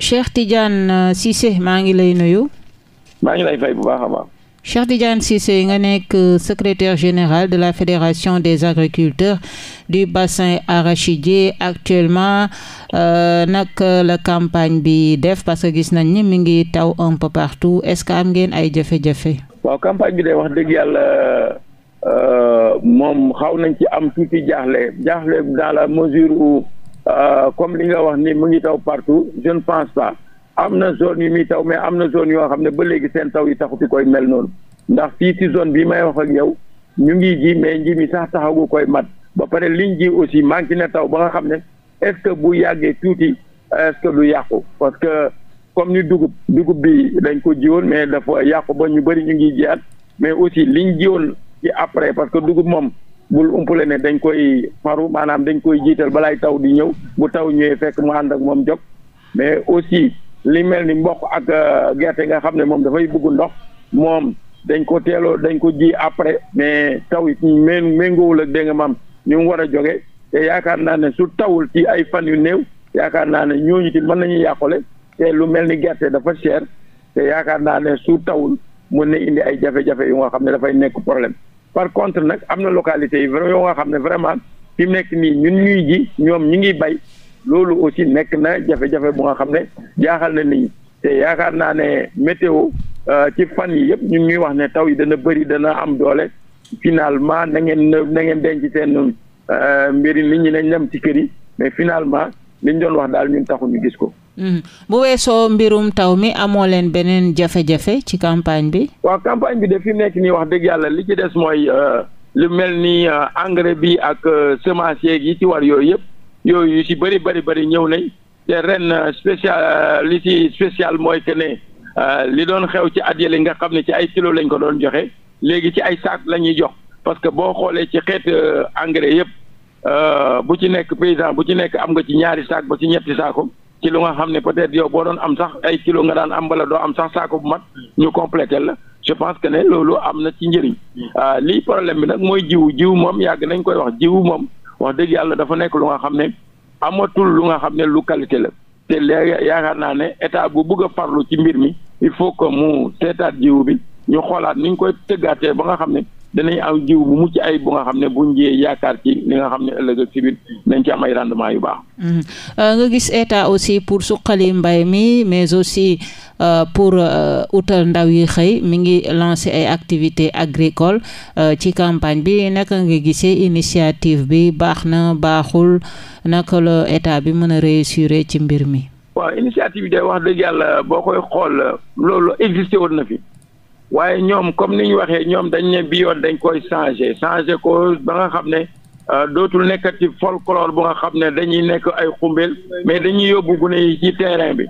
Cheikh Tidiane euh, Cissé maa ngi lay nuyu. maa ngi lay fay bu baax a baax. Cheikh Tidiane Cissé nga nekk euh, secrétaire général de la fédération des agriculteurs du bassin arachidier actuellement euh, nag la campagne bi def parce que gis nañ ni mi ngi taw un peu partout est-ce que am ngeen ay jafe-jafe. waaw campagne bi de wax dëgg yàlla moom xaw nañ ci am tuuti jaaxle jaaxle dans la mesure où. Euh, comme li nga wax ni mu ngi taw partout je ne pense pas am na zone yu muy taw mais am na zone yoo xam ne ba léegi seen taw yi taxuti koy mel noonu ndax fii ci zone bi may wax ak yow ñu ngi ji mais nji mi sax taxagu koy mat ba pare liñ ji aussi manqué na taw ba nga xam ne est bu yàggee tuuti est ce du yàqu parce que comme ni dugub dugub bi dañ ko jiwoon mais dafa yàqu ba ñu bëri ñu ngi jiyaat mais aussi liñ jiwoon ci après parce que dugub moom bul umpule ne dañ koy faru maanaam dañ koy jiital balaay taw di ñëw bu taw ñëwee fekk mu ànd ak moom jog mais aussi li mel ni mboq ak euh, gerte nga xam ne moom dafay buggu ndox moom dañ ko teeloo dañ ko ji après mais taw it mén méngoowul ak dégg maam ñu mu war a jóge te yaakaar naa ne su tawul ci ay fan yu néew yaakaar naa ne ñooñu ci mën nañu yàqule te lu mel ni gerte dafa cher te yaakaar naa ne su tawul mun na indi ay jafe-jafe yu nga xam ne dafay nekk problème par contre nag am na localité yi yoo nga xam ne vraiment fi nekk nii ñun ñuy ji ñoom ñu ngi bay loolu aussi nekk na jafe-jafe bu nga xam ne jaaxal na nit ñi te yaakaar naa ne météo euh, ci fan yi yëpp ñu ngi ñuy wax ne taw yi dana bëri dana am doole finalement na ngeen na ngeen denc seen euh, mbiri nit ñi nañ dem ci kër yi mais finalement ñu doon wax daal ñun taxu ñu gis ko Hmm. bu weesoo mbirum taw mi amoo leen beneen jafe-jafe ci campagne bi. waaw campagne bi de fi nekk nii wax dëgg yàlla li ci des mooy euh, lu mel ni euh, engrais bi ak euh, semence yeeg yi ci war yooyu yëpp yooyu yu ci bëri bëri bëri ñëw nañ te ren spécial li ci spécial mooy que ne li doon xew ci at yële nga xam ne ci ay kilo lañ ko doon joxe léegi ci ay saak la ñuy jox parce que boo xoolee ci xeet engrais yëpp bu ci nekk paysan bu ci nekk am nga ci ñaari saak ba ci ñetti saako. ci lu nga xam ne peut-être yow boo doon am sax ay kilo nga daan am wala doo am sax saako bu mat ñu complété la je pense que ne loolu am na ci njëriñ ah, lii problème bi nag mooy jiw jiw moom yàgg nañ koy wax jiw moom wax dëgg yàlla dafa nekk lu nga xam ne amatul lu nga xam ne lu qualité la te léegi yaakaar naa ne état bu bëgg a farlu ci mbir mi il faut que mu tetaat jiw bi ñu xoolaat ni ñu koy tëggaatee ba nga xam ne danañ aw jiw bu mucc ay bu nga xam ne buñ jiyee yaakaar ci li nga xam ne ëllëg ak sibit nañ ci am ay rendement yu baax mm-hmm. euh, nga gis état aussi pour suqali mbay mi mais aussi euh, pour euh, utal ndaw yi xëy mi ngi lancer ay activités agricole ci campagne bi naka nga gisee initiative bi baax na baaxul naka la état bi mën a réussir ci mbir mi waaw initiative bi wax dëgg yàlla boo koy xool loolu existé woon na fi waaye ñoom comme ni ñu waxee ñoom dañ ne bi dañ koy changé changé ko ba nga xam ne euh, dootul nekkati folklore bu nga xam ne dañuy nekk ay xumbeel mais dañuy yóbbu gune yi ci terrain bi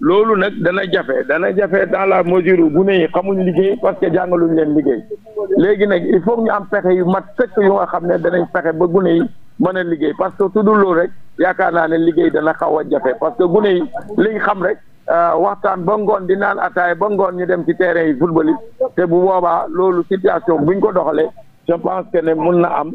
loolu nag dana jafe dana jafe dans la mesure gune yi xamuñ liggéey parce que jàngaluñ leen liggéey léegi nag il faut ñu am fexe yu mat sëkk yu nga xam ne danañ fexe ba gune yi mën a liggéey parce que tuddul loolu rek yaakaar naa ne liggéey dana xaw a jafe parce que gune yi liñ xam rek Euh, waxtaan ba ngoon di naan ataay ba ngoon ñu dem ci terrain yi football yi te bu boobaa loolu situation buñ ko doxalee je pense que ne mun na am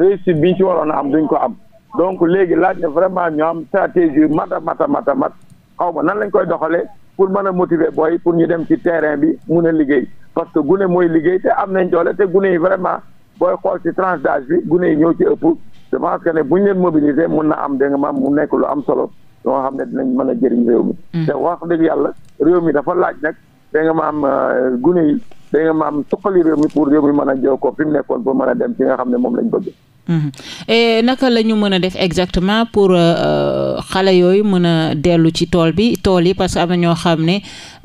réussite biñ ci waroon a am duñ ko am donc léegi laaj na vraiment ñu am stratégie mata mata mata mat xaw ma nan lañ koy doxalee pour mën a motiver booy pour ñu dem ci terrain bi mun a liggéey parce que gune mooy liggéey te am nañ doole te gune yi vraiment booy xool ci tranche bi gune yi ñëw ci ëpp je pense que ne buñ leen mun na am da maam mu nekk lu am solo yoo xam ne dinañ mën a jëriñ réew mi. Mm. te wax dëgg yàlla réew mi dafa laaj nag da nga am euh, gune yi da nga ma réew mi pour réew mi mën a jokkoo fi mu nekkoon pour mën a dem ci nga moom lañ bëgg. Mm-hmm. naka la ñu mën a def exactement pour euh, xale yooyu mën a dellu ci tool bi tool yi parce que am na ñoo xam ne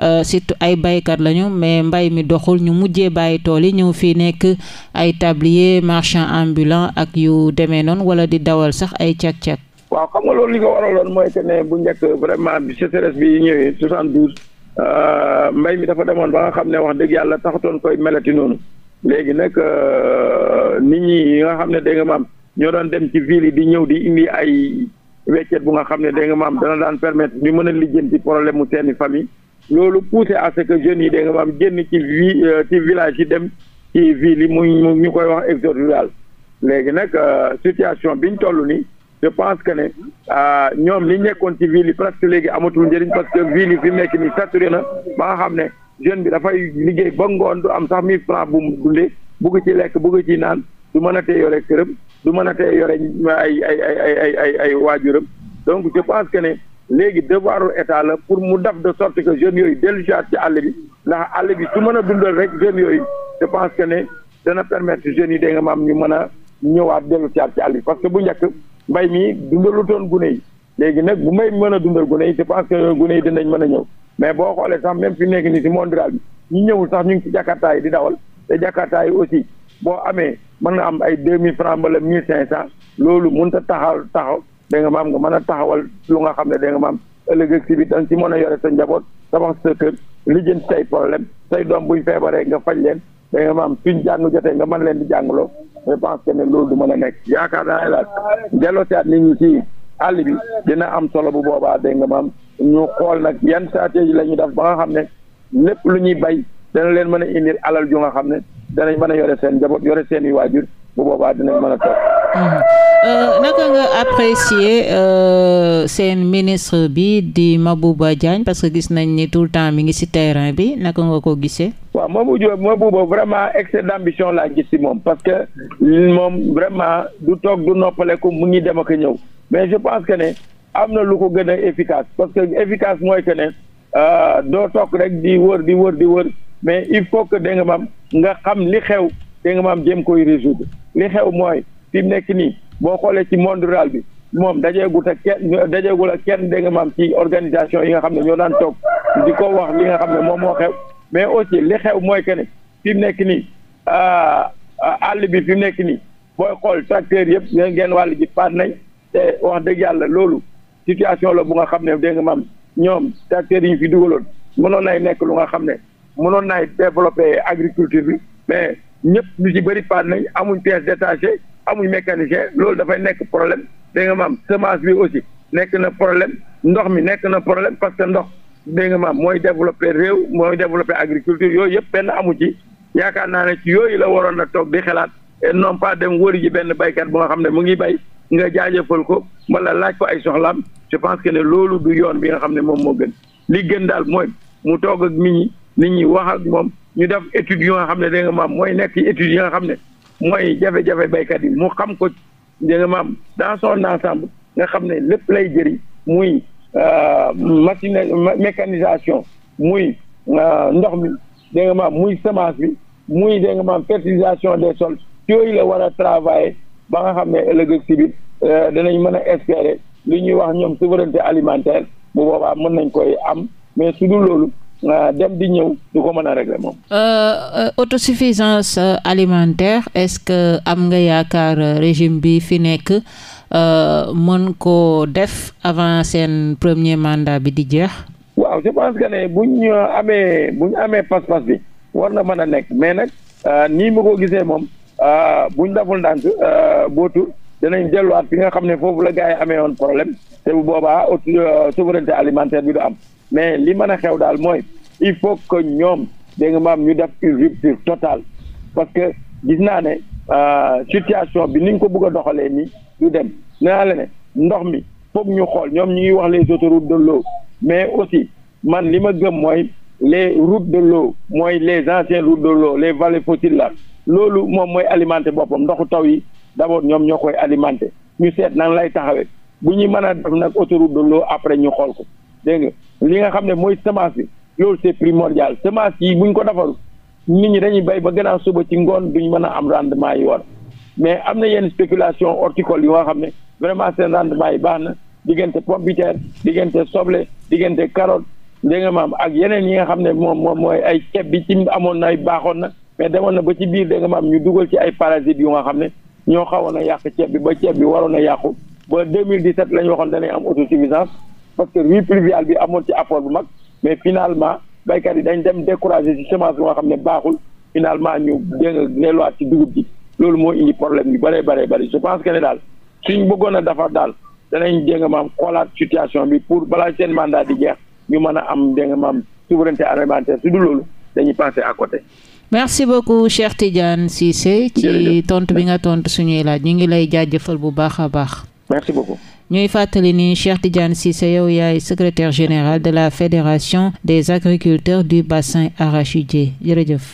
euh, surtout ay baykat lañu mais mbay mi doxul ñu mujjee bàyyi tool yi ñëw fii nekk ay tablier marchand ambulant ak yu demee noonu wala di dawal sax ay càq-càq. waaw xam nga loolu li ko waraloon mooy que ne bu njëkk vraiment bi sécheresse bi ñëwee soixante douze euh, mbay mi dafa demoon ba nga xam ne wax dëgg yàlla taxatoon koy melati noonu léegi nag euh, nit ñi nga xam ne dégg nga maam ñoo doon dem ci ville yi di ñëw di indi ay weccet bu nga xam ne dégg nga maam dana daan permettre ñu mën a lijjanti problème mu seeni famille loolu poussé à que jeunes yi dégg nga maam génn ci vi euh, ci village yi dem ci ville yi mu ñu koy wax exode rural léegi nag situation biñ toll nii je pense que ne ah, ñoom li nekkoon ci ville yi presque léegi amatul njëriñ parce que ville yi fi mu nekk nii saturé na ba nga xam ne jeune bi dafay liggéey ba ngoon du am sax mille francs bu mu dundee bugg ci lekk bugg ci naan du mën a tee yore këram du mën a tee yore ay ay ay ay ay ay waajuram donc je pense que ne léegi devoiru état la pour mu def de sorte que jeune yooyu dellu si ci àll bi ndax àll bi su mën a dundal rek jeunes yooyu je pense que ne dana permettre jeunes yi da nga maam ñu mën a ñëwaat dellu si ci àll bi parce que bu njëkk mbay mii mi toon gune yi léegi nag bu mbay mi mën a dundal gune yi je pense que gune yi dinañ mën a ñëw mais boo xoolee sax même fi nekk nii si mondial bi ñu ñëwul sax ñu ngi ko jakarta yi di dawal te jakarta yi aussi boo amee mën na am ay deux mille francs wala mille cinq cent loolu mun a taxaw taxaw da nga maam nga mën a taxawal lu nga xam ne da nga maam ëllëg ak si biir da nga si mën a yore sa njaboot tabax sa kër lijjanti say problème say doom buñ feebaree nga faj leen da nga maam suñ jàng jotee nga mën leen di jàngloo je pense ne loolu du mën a nekk yaakaar naa ne daal delloosiwaat nit ñi ci àll bi dina am solo bu boobaa dégg nga am ñu xool nag yan stratégie la ñuy def ba nga xam ne lépp lu ñuy bay dana leen mën a indil alal ju nga xam ne danañ mën a yore seen njaboot yore seen i waajur bu boobaa dinañ mën a toog. Mm-hmm. Euh, naka nga apprécier euh, seen ministre bi di Mabouba Diagne parce que gis nañ ni tout le temps mi ngi ci terrain bi naka nga ko gisee. waaw Mabouba Mabouba vraiment excès d'ambition la gis ci moom parce que moom vraiment du toog du noppaleku mu ngi dem ak ñëw mais je pense que ne am na lu ko gën a efficace parce que efficace mooy que ne euh, doo toog rek di wër di wër di wër mais il faut que dégg nga maam nga xam li xew dégg nga maam jéem koy résoudre li xew mooy fi mu nekk nii. boo xoolee ci monde rural bi moom dajeegut ak kenn dajeegul ak kenn dégg nga maam ci organisation yi nga xam ne ñoo daan toog di ko wax li nga xam ne moom moo xew mais aussi li xew mooy que ne fi mu nekk nii ah, ah, àll bi fi mu nekk nii booy xool tracteur yëpp ngeen wàll ji paat nañ te wax dëgg yàlla loolu situation la bu nga xam ne dégg maam ñoom tracteurs yi fi dugaloon mënoon nay nekk lu nga xam ne mënoon nay développer agriculture bi mais ñëpp ñu ci bëri paat nañ amuñ pièces détachées amuñ mécanicien loolu dafay nekk problème dégg nga maam semence bi aussi nekk na problème ndox mi nekk na problème parce que ndox dégg maam mooy développé réew mooy développé agriculture yooyu yëpp benn amu ci yaakaar naa ne ci yooyu la waroon a toog di xalaat et non pas dem wëri ji benn baykat bu nga xam ne mu ngi bay nga jaajëfal ko wala laaj ko ay soxlaam je pense que ne loolu du yoon bi nga xam ne moom moo gën li gën daal mooy mu toog ak nit ñi nit ñi wax ak moom ñu def étude xam ne dégg maam mooy nekk étude yi nga xam ne mooy jafe-jafe baykat yi mu xam ko dina maam dans son ensemble nga xam ne lépp lay jëriñ muy euh, machine mécanisation muy euh, ndox mi dégg maam muy semence bi muy dégg nga maam fertilisation des sols yooyu la war a travailler ba nga xam ne ëllëg ak si euh, danañ mën a espérer lu ñuy wax ñoom souveraineté alimentaire bu boobaa mën nañ koy am mais su dul loolu dem di ñëw du ko mën a régler moom. Euh, euh, autosuffisance euh, alimentaire est-ce que am nga yaakaar régime bi fi nekk mën ko def avant seen premier mandat bi di jeex. waaw je pense que ne buñ amee buñ amee pas-pas bi war na mën a nekk mais nag nii ma ko gisee moom buñ deful ndànk bootu danañ delluwaat fi nga xam ne foofu la gars yi amee woon problème te bu boobaa souveraineté alimentaire bi du am. mais li mën a xew daal mooy il faut que ñoom dégg maam ñu def une rupture totale parce que gis naa ne euh, situation bi ni ñu ko bëgg doxalee nii du dem nee la ne ndox mi foog ñu xool ñoom ñu ngi wax les autoroutes de l'eau mais aussi man li ma gëm mooy les routes de l'eau mooy les anciennes routes de l'eau les vallées fossiles là loolu moom mooy alimenter boppam ndoxu taw yi d'abord ñoom ñoo koy alimenter ñu seet nan lay taxawee bu ñuy mën a def nag autoroute de l'eau après ñu xool ko dégg li nga xam ne mooy semence bi loolu c'est primordial semence yi buñ ko defaru nit ñi dañuy bay ba gannaaw suba ci ngoon duñ mën a am rendement yi war mais am na yenn spéculation horticole yu nga xam ne vraiment seen rendement yi baax na diggante pompiteer diggante soble diggante carotte dégg nga maam ak yeneen yi nga xam ne moom moom mooy ay ceeb bi ci amoon na ay baaxoon na mais demoon na ba ci biir dégg nga maam ñu dugal ci ay parasites yu nga xam ne ñoo xawoon a yàq ceeb bi ba ceeb bi waroon a yàqu ba 2017 la waxoon danañ am autosuffisance parce que riz pluvial bi amoon ci apport bu mag mais finalement baykat yi dañ dem découragé ci semence bi nga xam ne baaxul finalement ñu dégg delluwaat ci dugub ji loolu moo indi problème yu bëree bare bëri je pense ke ne daal suñ bëggoon a defar daal danañ dégg maam xoolaat situation bi pour balaa seen mandat di jeex ñu mën a am dégg maam souveraineté alimentaire su du loolu dañuy passé à côté. merci beaucoup Cheikh Tidiane Cissé. ci tontu bi nga tontu suñuy laaj ñu ngi lay jaajëfal bu baax a baax. merci beaucoup. ñuy fàttali ni Cheikh Tidiane Cissé yow yaay secrétaire général de la fédération des agriculteurs du bassin arachidier jërëjëf